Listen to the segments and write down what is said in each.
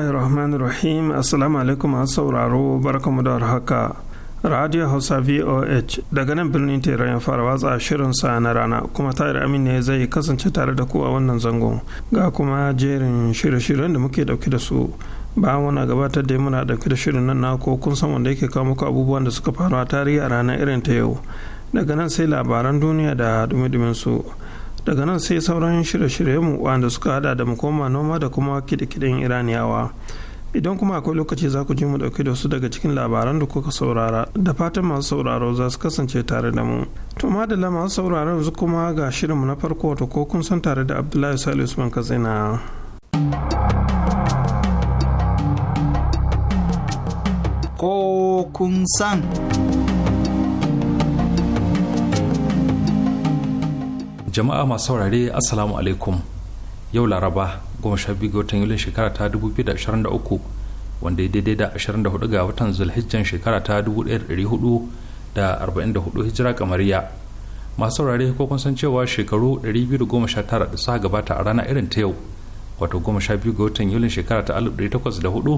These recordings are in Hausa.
bismillahirrahmanirrahim rahim assalamu alaikum masu sauraro barkamu da haka radio hausa voh daga nan birnin teran ya fara watsa shirin sa na rana kuma tayar amin ne zai kasance tare da ku a wannan zangon ga kuma jerin shirye-shiryen da muke dauke da su ba wani gabatar da muna dauke da shirin nan na ko kun san wanda yake kawo muku abubuwan da suka faru a tarihi a ranar irin ta yau daga nan sai labaran duniya da dumi-dumin su daga nan sai sauran shirye shiryen mu wanda suka hada da koma noma da kuma kidikidin iraniyawa idan kuma akwai lokaci za ku ji mu dauke da su daga cikin labaran da kuka saurara da fatan masu sauraro za su kasance tare da mu to madalla masu sauraro yanzu kuma ga shirinmu na farko wato ko kun san tare da abdullahi salisu usman katsina ko kun san jama'a masu saurare assalamu alaikum yau laraba goma sha biyu ga watan yulin shekara ta 2023 wanda ya daidai da 24 ga watan zulhijjan shekara ta 1444 hijira kamariya masu saurare ko kun san cewa shekaru 219 da suka gabata a rana irin ta yau wato goma sha biyu ga watan yulin shekara ta 1804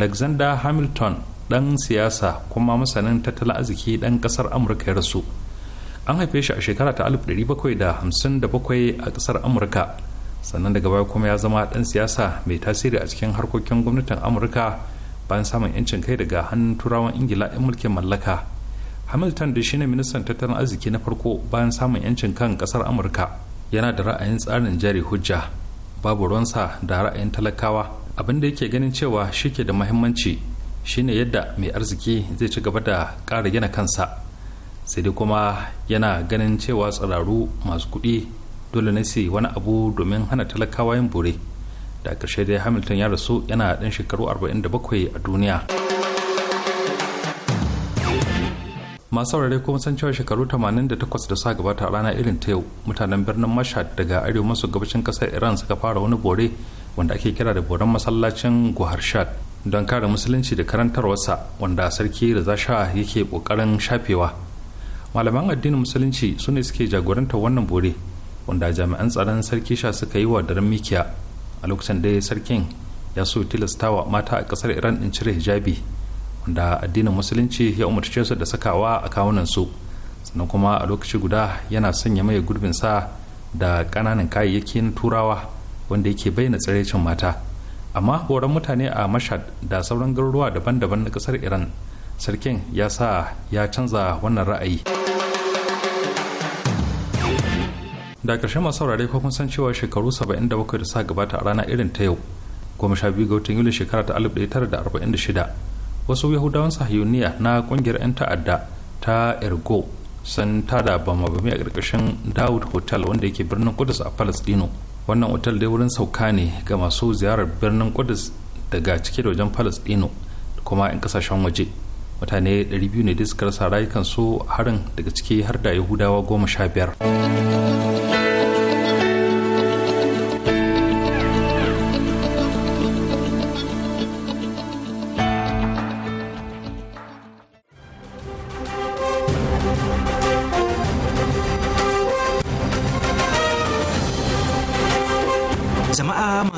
alexander hamilton dan siyasa kuma masanin tattalin arziki dan kasar amurka ya rasu an haife shi a shekara ta 1757 a kasar amurka sannan daga baya kuma ya zama ɗan siyasa mai tasiri a cikin harkokin gwamnatin amurka bayan samun yancin kai daga hannun turawan ingila 'yan mulkin mallaka hamilton da shine ministan tattalin arziki na farko bayan samun yancin kan kasar amurka yana da ra'ayin tsarin jari hujja babu ruwansa da ra'ayin talakawa abin da yake ganin cewa shi ke da muhimmanci shine yadda mai arziki zai ci gaba da ƙara gina kansa sai dai kuma yana ganin cewa tsiraru masu kuɗi dole ne su wani abu domin hana talakawa yin bore da ƙarshe dai hamilton ya rasu yana ɗan shekaru 47 a duniya masu saurare kuma san cewa shekaru 88 da sa gabata rana irin ta yau mutanen birnin mashad daga arewa maso gabashin ƙasar iran suka fara wani bore wanda ake kira da boren masallacin guharshad don kare musulunci da karantarwarsa wanda sarki da zasha yake kokarin shafewa malaman addinin musulunci su ne suke jagorantar wannan bore wanda jami'an tsaron sarki sha suka yi wa daren mikiya a lokacin da sarkin ya so tilastawa mata a kasar iran din cire hijabi wanda addinin musulunci ya umarce su da sakawa a kawunan su sannan kuma a lokaci guda yana sanya mai gurbin sa da kananan kayayyaki na turawa wanda yake bayyana tsiraicin mata amma horon mutane a mashad da sauran garuruwa daban-daban na kasar iran sarkin ya sa ya canza wannan ra'ayi. da ƙarshe masu saurare ko kun san cewa shekaru 77 da sa gabata a rana irin ta yau goma sha biyu ga watan yuli shekara ta 1946 wasu yahudawan sahiyoniya na ƙungiyar 'yan ta'adda ta ergo sun tada bama bami a ƙarƙashin dawud hotel wanda yake birnin kudus a palestino wannan otal dai wurin sauka ne ga masu ziyarar birnin kudus daga cike da wajen palestino kuma 'yan kasashen waje mutane 200 ne da suka rasa rayukansu harin daga ciki har da yahudawa goma sha biyar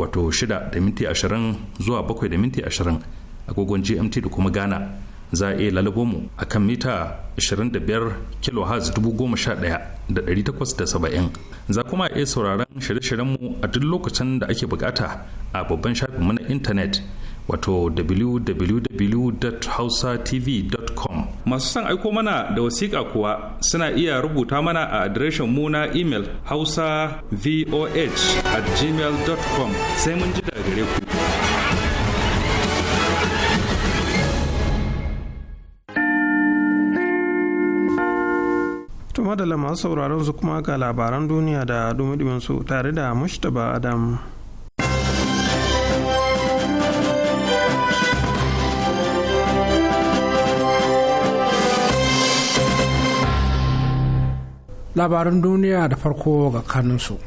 wato shida da zuwa bakwai da minti agogon gmt da kuma ghana za a iya lalabo mu a kan mita 25 kHz 11870 za kuma iya sauraron shirye mu a duk lokacin da ake bukata a babban shafinmu na intanet wato www.hausatv.com masu son aiko mana da wasiƙa kuwa suna iya rubuta mana a adireshin mu na imel hausa voh at gmail.com sai mun ji daga gare ku. Tuma da masu sauraron su kuma ga labaran duniya da dumudiminsu tare da Mushtaba Adam. Labaran duniya da farko ga kanunsu.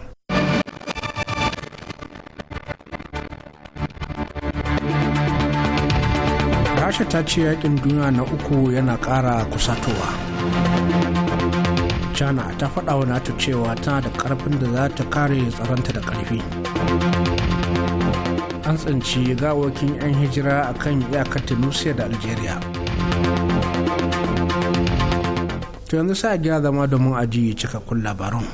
rasha ta ce yakin duniya na uku yana ƙara kusatowa china ta faɗa wa nato cewa tana da ƙarfin da za ta kare tsaronta da ƙarfi an tsinci gawakin 'yan hijira a kan iyakar tunisia da algeria to yanzu sa gina zama domin aji cikakkun labarun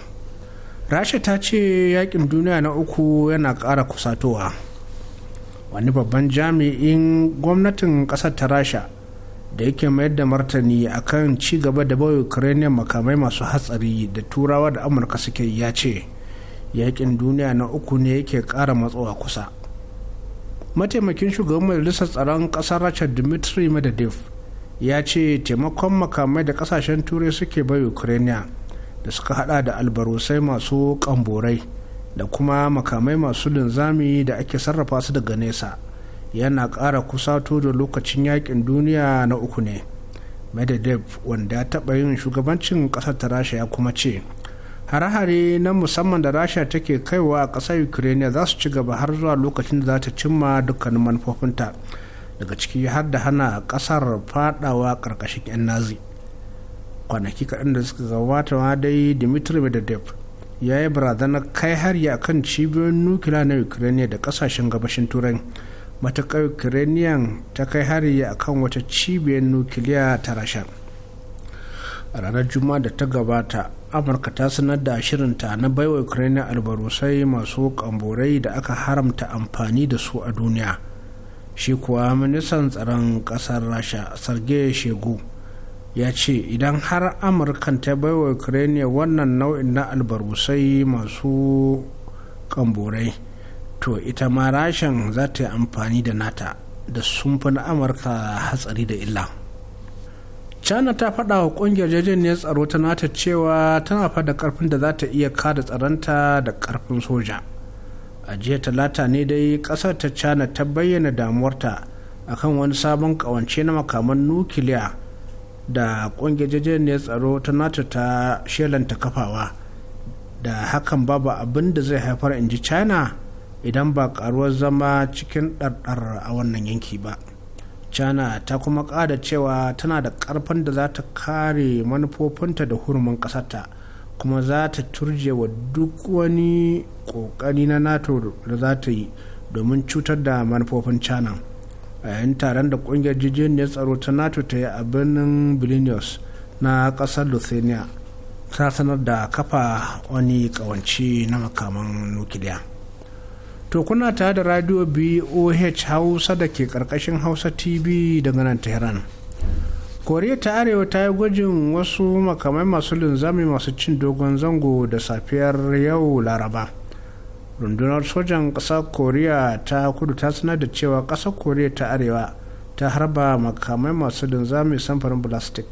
rasha ta ce yakin duniya na uku yana ƙara kusatowa wani babban jami'in gwamnatin kasar ta rasha da yake mayar da martani akan ci gaba da bai ukrainian makamai masu hatsari da turawa da amurka suke ya ce yakin duniya na uku ne yake kara matsowa kusa mataimakin shugaban majalisar tsaron kasar rasha dmitry medvedev ya ce taimakon makamai da kasashen turai suke bai ukrainian da suka hada da albarusai masu kamborai da kuma makamai masu linzami da ake sarrafa su daga nesa yana ƙara kusato da lokacin yakin duniya na uku ne medvedev wanda ya taɓa yin shugabancin ƙasar ta rasha ya kuma ce hare-hare na musamman da rasha take kaiwa a ƙasar ukraine za su ci gaba har zuwa lokacin da za ta cimma dukkanin manufofinta daga ciki har da hana ƙasar fadawa ƙarƙashin 'yan nazi kwanaki kaɗan da suka gabata dai dimitri medvedev ya yi barazanar kai hari akan kan cibiyoyin nukila na ukraine da kasashen gabashin turai matuƙar ukrainian ta kai hari akan kan wata cibiyar nukiliya ta rasha a ranar juma'a da ta gabata amurka ta sanar da shirinta na baiwa ukraine albarusai masu kamborai da aka haramta amfani da su a duniya shi kuwa ministan tsaron kasar rasha sergei shegu ya ce idan har amurkan ta baiwa ukraine wannan nau'in na albarusai masu kamburai to ita ma rashin za ta yi amfani da nata da sunfin na amurka hatsari da illa china ta faɗa wa ƙungiyar ne tsaro ta nata cewa tana fada karfin da za ta iya kada tsaronta da karfin soja a jiya talata ne dai ƙasar ta china ta bayyana damuwarta akan wani sabon ƙawance na makaman nukiliya da ƙungiyar tsaro ta nato ta shelanta kafawa da hakan babu abin da zai haifar in ji china idan ba karuwar zama cikin ɗarɗar a wannan yanki ba china ta kuma ƙada cewa tana da ƙarfin da za ta kare manufofinta da hurumin ƙasarta kuma za ta turje wa duk wani ƙoƙari na nato da za ta yi domin cutar da manufofin china a yayin taron da kungiyar jijiyar tsaro ta nato ta yi a birnin vilnius na kasar lithuania ta sanar da kafa wani kawanci na makaman nukiliya to kuna tare da radio boh hausa da ke karkashin hausa tv daga nan tehran koriya ta arewa ta yi gwajin wasu makamai masu linzami masu cin dogon zango da safiyar yau laraba rundunar sojan ƙasar koriya ta kudu ta sanar da cewa ƙasar koriya ta arewa ta harba makamai masu linzami samfurin plastic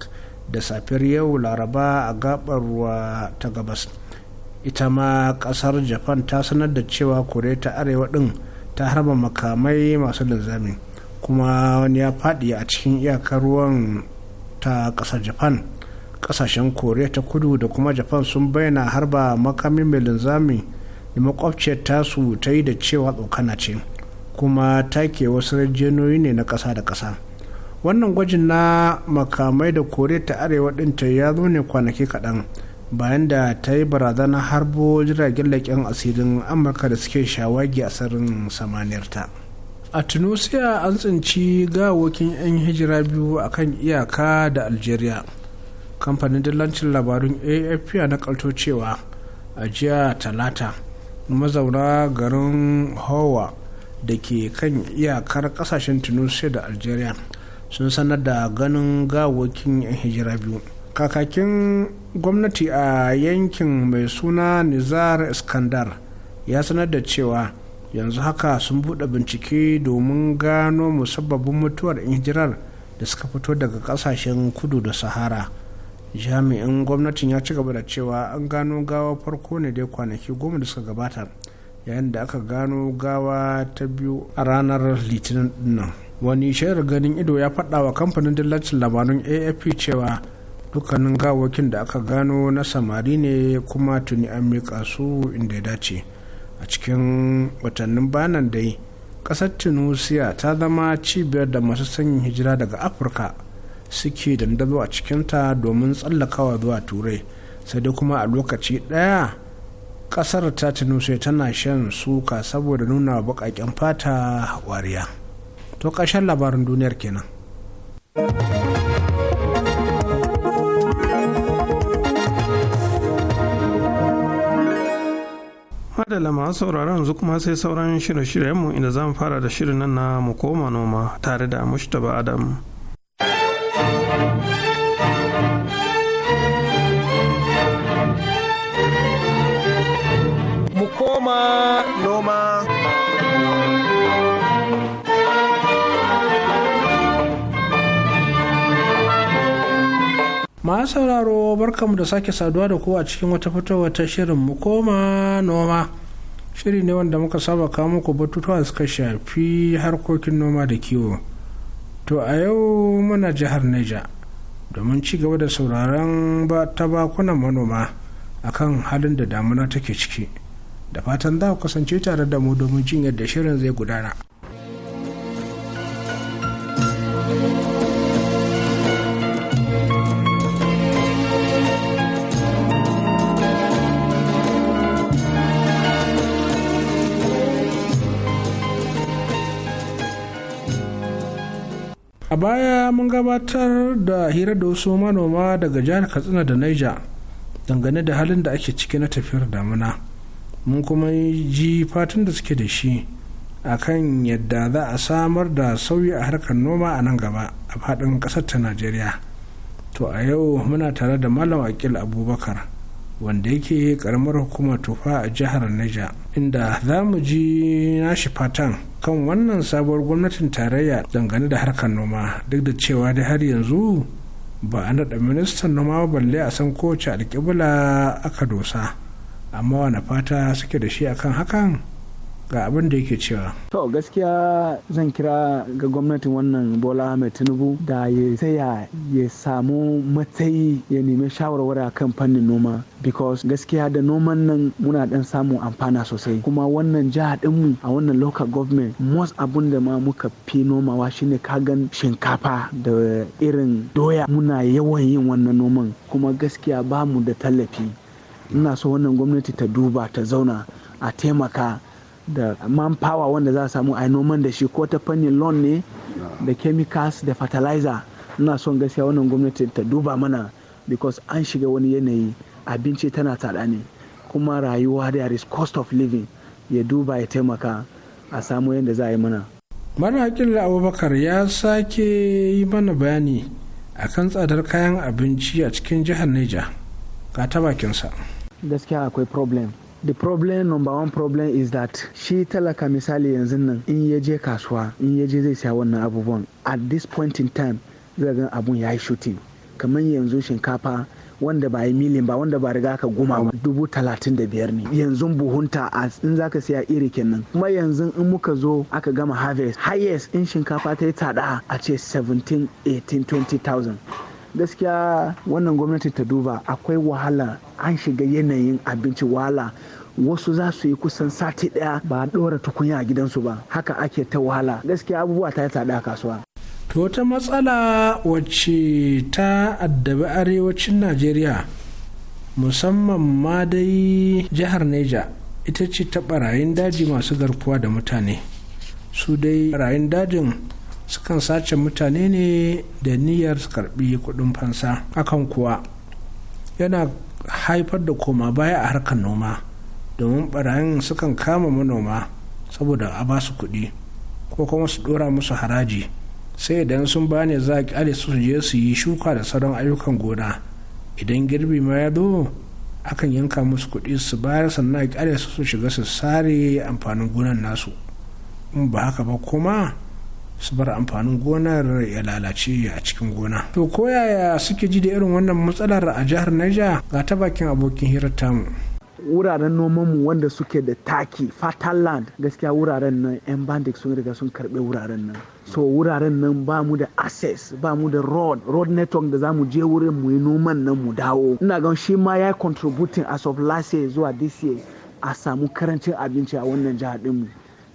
da safiyar yau laraba a gabar ruwa ta gabas ita ma ƙasar japan ta sanar da cewa koriya ta arewa ɗin ta harba makamai masu linzami kuma wani ya faɗi a cikin iyakar ruwan ta ƙasar japan ƙasashen koriya ta kudu da kuma japan sun bayyana harba makami mai linzami da makwabciyar tasu ta yi da cewa tsokana ce kuma ta ke wasu rajiyanoyi ne na ƙasa da ƙasa wannan gwajin na makamai da kore ta arewa ɗinta ya zo ne kwanaki kaɗan bayan da ta yi barazanar harbo jiragen laƙen asirin amurka da suke shawagi a sarin samaniyarta a tunisia an tsinci gawokin 'yan hijira biyu a kan iyaka da algeria kamfanin dillancin labarun afp na kalto cewa a jiya talata mazauna garin hawa da ke kan iyakar kasashen tunisia da algeria sun sanar da ganin gawokin 'yan hijira biyu kakakin gwamnati a yankin mai suna nizar iskandar ya sanar da cewa yanzu haka sun buɗe bincike domin gano musabbabin mutuwar hijirar da suka fito daga ƙasashen kudu da sahara jami'in gwamnatin ya ci gaba da cewa an gano gawa farko ne dai kwanaki goma da suka gabata yayin da aka gano gawa ta biyu a ranar litinin dinnan. wani shaidar ganin ido ya faɗa wa kamfanin dillacin labarun afp cewa dukkanin gawakin da aka gano na samari ne kuma tuni an miƙa su inda ya dace a cikin watannin banan dai ƙasar tunisia ta zama cibiyar da masu sanyin hijira daga afirka suke dandazo a cikin ta domin tsallakawa zuwa turai sai dai kuma a lokaci ɗaya ƙasar ta tunusai tana shan suka saboda nuna baƙaƙen fata wariya to ƙarshen labarin duniyar kenan. madalla masu sauraron yanzu kuma sai sauran shirye-shiryenmu inda zamu fara da shirin nan na mu koma noma tare da mushtaba adam sauraro barkamu da sake saduwa da ku a cikin wata fitowa ta shirin mu koma noma shiri ne wanda muka saba kawo muku batutuwa suka shafi harkokin noma da kiwo to a yau muna jihar neja domin ci gaba da sauraron ta bakunan manoma kan halin da damuna take ciki da fatan za ku kasance tare da mu domin jin yadda shirin zai gudana a baya mun gabatar da hira da wasu manoma daga jihar katsina da naija dangane da halin da ake ciki na tafiyar damuna mun kuma ji fatan da suke da shi akan yadda za a samar da sauyi a harkar noma a nan gaba a fadin ƙasar ta najeriya to a yau muna tare da malam akil abubakar wanda yake karamar hukumar tufa a jihar Niger inda za mu ji nashi fatan kan wannan sabuwar gwamnatin tarayya dangane da harkar noma duk da cewa da har yanzu ba a naɗa ministan noma balle a san kowace alƙibla aka dosa amma wani fata suke da shi akan hakan ga abin da yake cewa. To gaskiya zan kira ga gwamnatin wannan Bola Ahmed Tinubu da ya tsaya ya samu matsayi ya nemi shawarwara kan fannin noma because gaskiya da noman nan muna dan samun amfana sosai kuma wannan jiha mu a wannan local government most abun da ma muka fi nomawa shine kagan shinkafa da irin doya muna yawan yin wannan noman kuma gaskiya ba mu da tallafi ina so wannan gwamnati ta duba ta zauna a taimaka da man manpower wanda za a samu a noman da shi ko ta fannin loan ne da chemicals da fertilizer ina son gaskiya wannan gwamnati ta duba mana because an shiga wani yanayi abinci tana tsada ne kuma rayuwa da is cost of living ya duba ya taimaka a samu yadda za a yi mana maraƙin da abubakar ya sake yi mana bayani akan tsadar kayan abinci a cikin jihar neja ga ta bakinsa gaskiya akwai problem the problem number one problem is that shi talaka misali yanzu nan in ya je kasuwa in ya je zai siya wannan abubuwan at this point in time zai gan abun ya yi shooting kamar yanzu shinkafa wanda ba yi milin ba wanda ba riga ka guma ba dubu talatin da biyar ne yanzu buhunta a in za ka siya iri kenan kuma yanzu in muka zo aka gama harvest highest in shinkafa ta yi tsada a ce 17 18 20,000 gaskiya wannan gwamnati ta duba akwai wahala an shiga yanayin abinci wahala wasu za su yi kusan sati daya ba dora tukunya a gidansu ba haka ake ta wahala gaskiya abubuwa ta yi tsada a kasuwa to wata matsala wacce ta addabi arewacin najeriya musamman ma dai jihar neja ita ce ta barayin daji masu garkuwa da mutane su dai barayin dajin sukan sace mutane ne da niyyar su karbi kudin fansa hakan kuwa yana haifar da koma baya a harkar noma domin barayin sukan kama manoma saboda a basu kuɗi ko kuma su ɗora musu haraji sai idan sun bani za a su je su yi shuka da sauran ayyukan gona idan girbi ma ya zo akan yanka musu kuɗi su bayar sannan a kyale su su shiga su sare amfanin gonan nasu in ba haka ba kuma su bar amfanin gonar ya lalace a cikin gona. To ko yaya suke ji da irin wannan matsalar a jihar naija. ga ta bakin abokin hirar tamu. wuraren nomanmu wanda suke da taki fertile land gaskiya wuraren nan 'yan bandit sun riga sun karbe wuraren nan so wuraren nan ba mu da access ba mu da road road network da za mu je wurin mu yi noman nan mu dawo ina gan shi ma ya contributing as of last year zuwa this year a samu karancin abinci a wannan jihar dinmu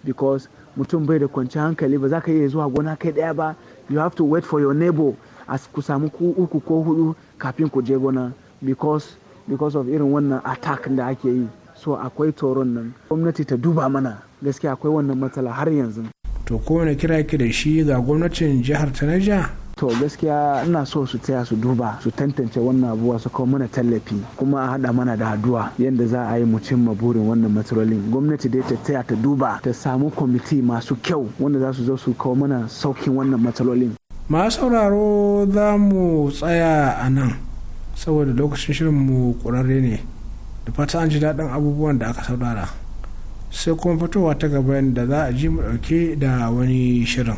because mutum bai da kwanci hankali ba za ka iya zuwa gona kai daya ba you have to wait for your neighbor as ku samu ku uku ko hudu kafin ku je gona because because of irin wannan attack da ake yi so akwai tsoron nan gwamnati ta duba mana gaskiya akwai wannan matsala har yanzu to kowane kira ki da shi ga gwamnatin jihar ta Niger to gaskiya ina so su taya su duba su tantance wannan abuwa su kawo mana tallafi kuma a haɗa mana da haduwa yadda za a yi mu cimma burin wannan matsalolin gwamnati dai ta taya ta duba ta samu kwamiti masu kyau wanda za su zo su kawo mana saukin wannan matsalolin masu sauraro za mu tsaya a nan saboda lokacin shirin mu kurare ne da fata an ji daɗin abubuwan da aka saurara sai kuma fitowa ta gaba da za a ji mu ɗauke da wani shirin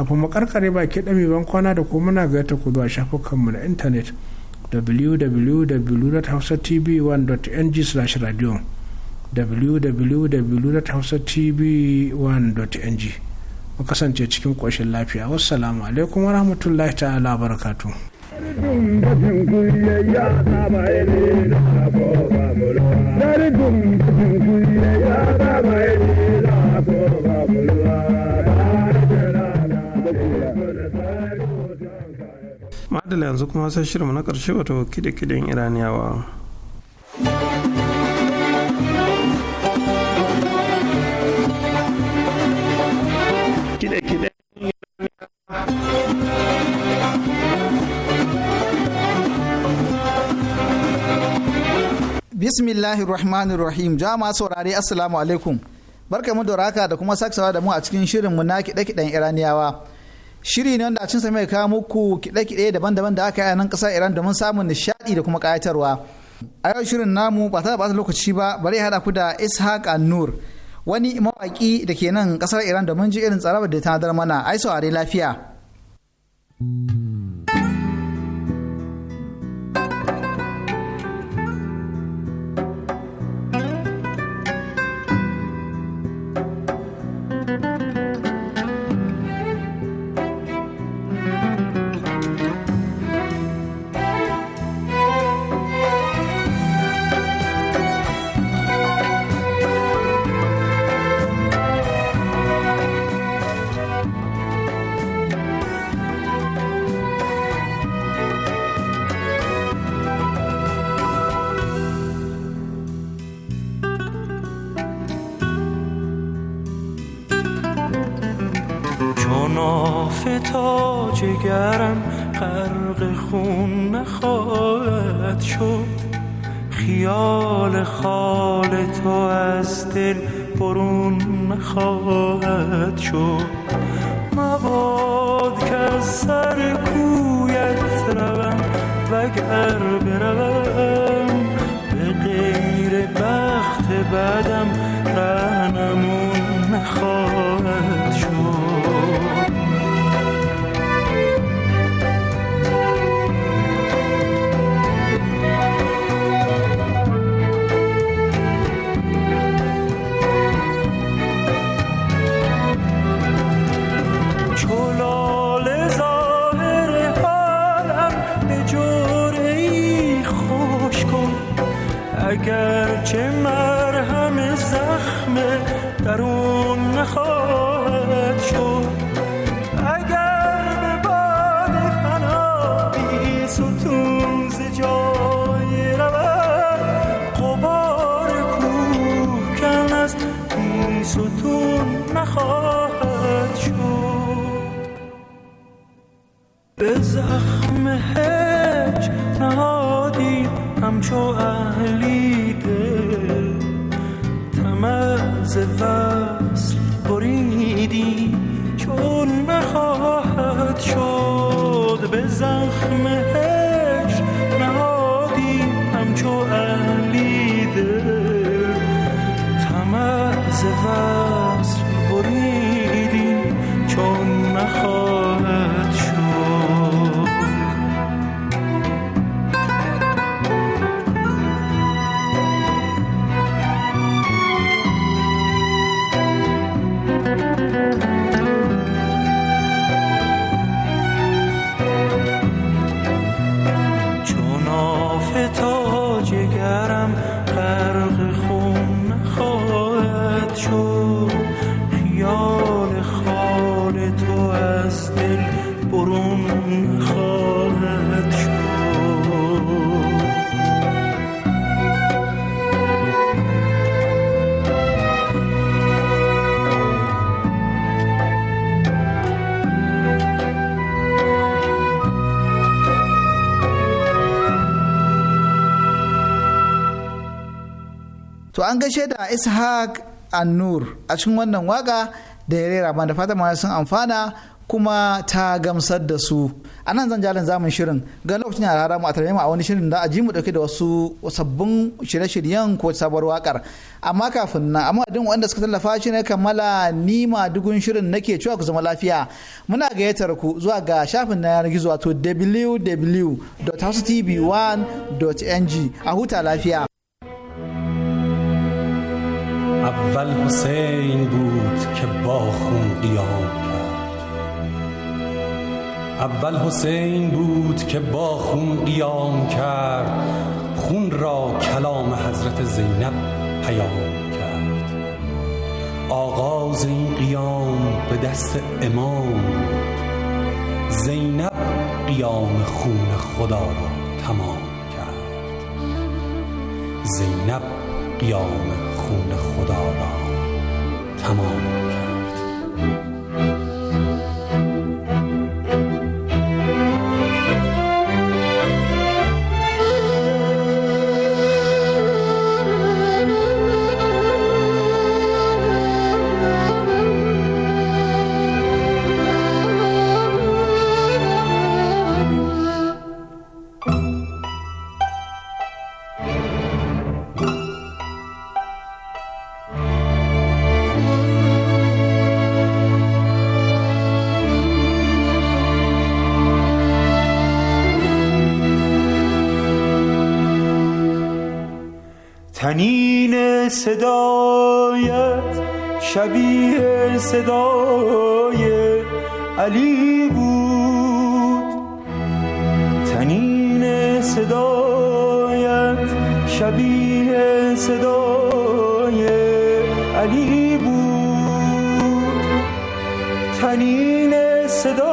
a mu karkare baki dami ban kwana da kuma muna gayyata ku zuwa shafukanmu na intanet www.hausatv1.ng/radio www.hausatv1.ng mu kasance cikin koshin lafiya wassalamu alaikum rahmatullahi ta'ala barakatu Dari dum dum ya ba ba ya ba ba madala yanzu kuma sai shirin na ƙarshe wato kide-kiden iraniyawa bismillahir rahmanir rahim jama saurare assalamu alaikum barkamu da raka da kuma saksawa da mu a cikin shirin mu na kide-kiden iraniyawa shiri ne wanda a cinsa mai kawo muku kiɗe-kiɗe daban-daban da aka yi a nan ƙasar iran domin samun nishaɗi da kuma kayatarwa a yau shirin namu ba ta bata lokaci ba bari ya haɗa ku da ishaq annur wani mawaƙi da ke nan ƙasar iran domin ji irin tsarabar da ta mana ai saurari lafiya. جگرم غرق خون نخواهد شد خیال خال تو از دل برون نخواهد شد مباد که از سر کویت روم وگر بروم به غیر بخت بدم اگر چه مرهم زخم درون نخواهد شد اگر به باد خنابی بی ستون ز جای رود قبار کم از بی ستون نخواهد شد به زخم هج نهادی همچو an gaishe da ishaq annur a cikin wannan waka da ya rera ban da fatan ma sun amfana kuma ta gamsar da su a nan zan jalin zamun shirin ga lokacin yara rara a tare mu a wani shirin da a ji mu dauke da wasu sabbin shirye-shiryen ko sabuwar wakar amma kafin nan amma din wanda suka tallafa shi ne kammala nima ma dugun shirin nake cewa ku zama lafiya muna gayyatar ku zuwa ga shafin na yanar gizo wato www.housetv1.ng a huta lafiya اول حسین بود که با خون قیام کرد اول حسین بود که با خون قیام کرد خون را کلام حضرت زینب پیام کرد آغاز این قیام به دست امام بود زینب قیام خون خدا را تمام کرد زینب قیام خون خدا را تمام کرد صدای علی بود تنین صدایت شبیه صدای علی بود تنین صدای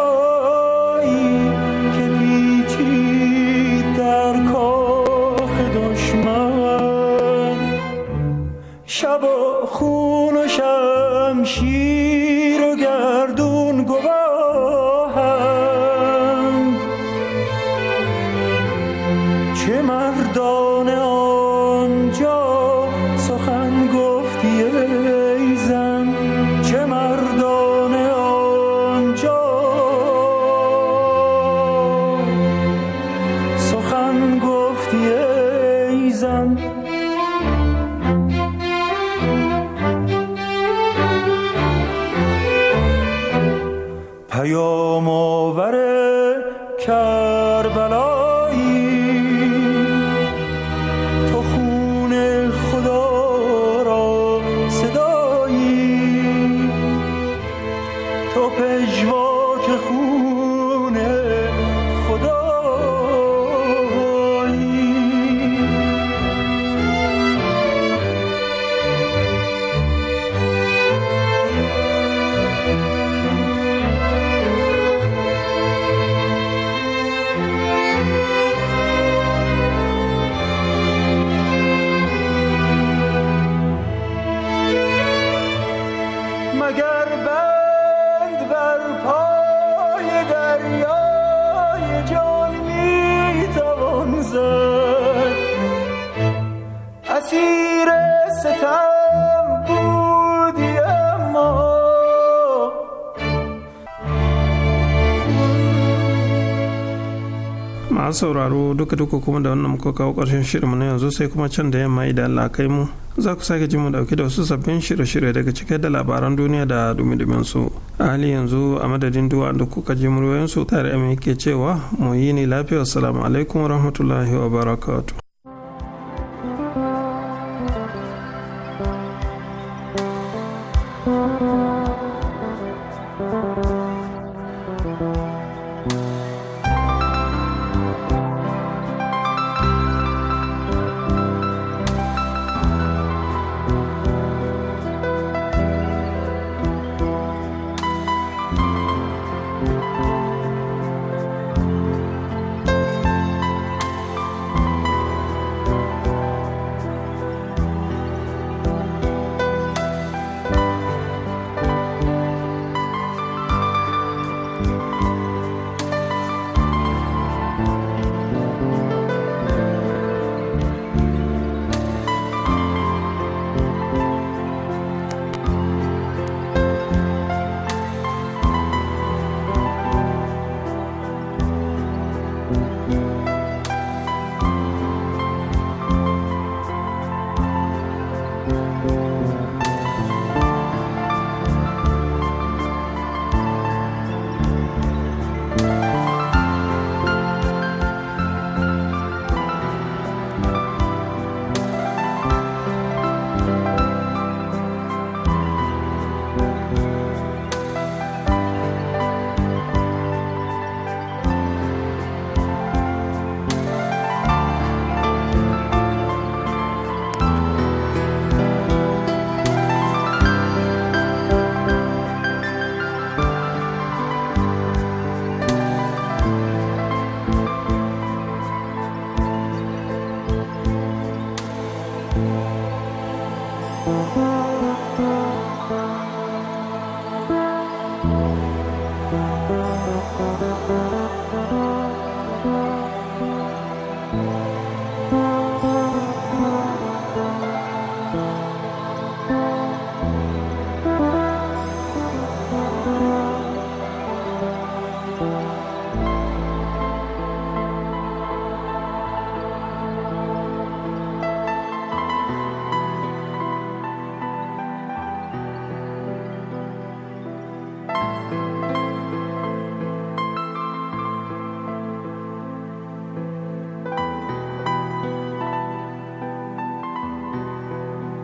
sauraro duka duka kuma da wannan muka kawo ƙarshen shirinmu na yanzu sai kuma can da yamma idan Allah kai mu za ku sake ji mu dauke da wasu sabbin shirye-shirye daga cike da labaran duniya da dumi-dumin su a hali yanzu a madadin duwa da kuka ji muryoyin su tare mai ke cewa mu yi ne lafiya assalamu alaikum warahmatullahi wabarakatuh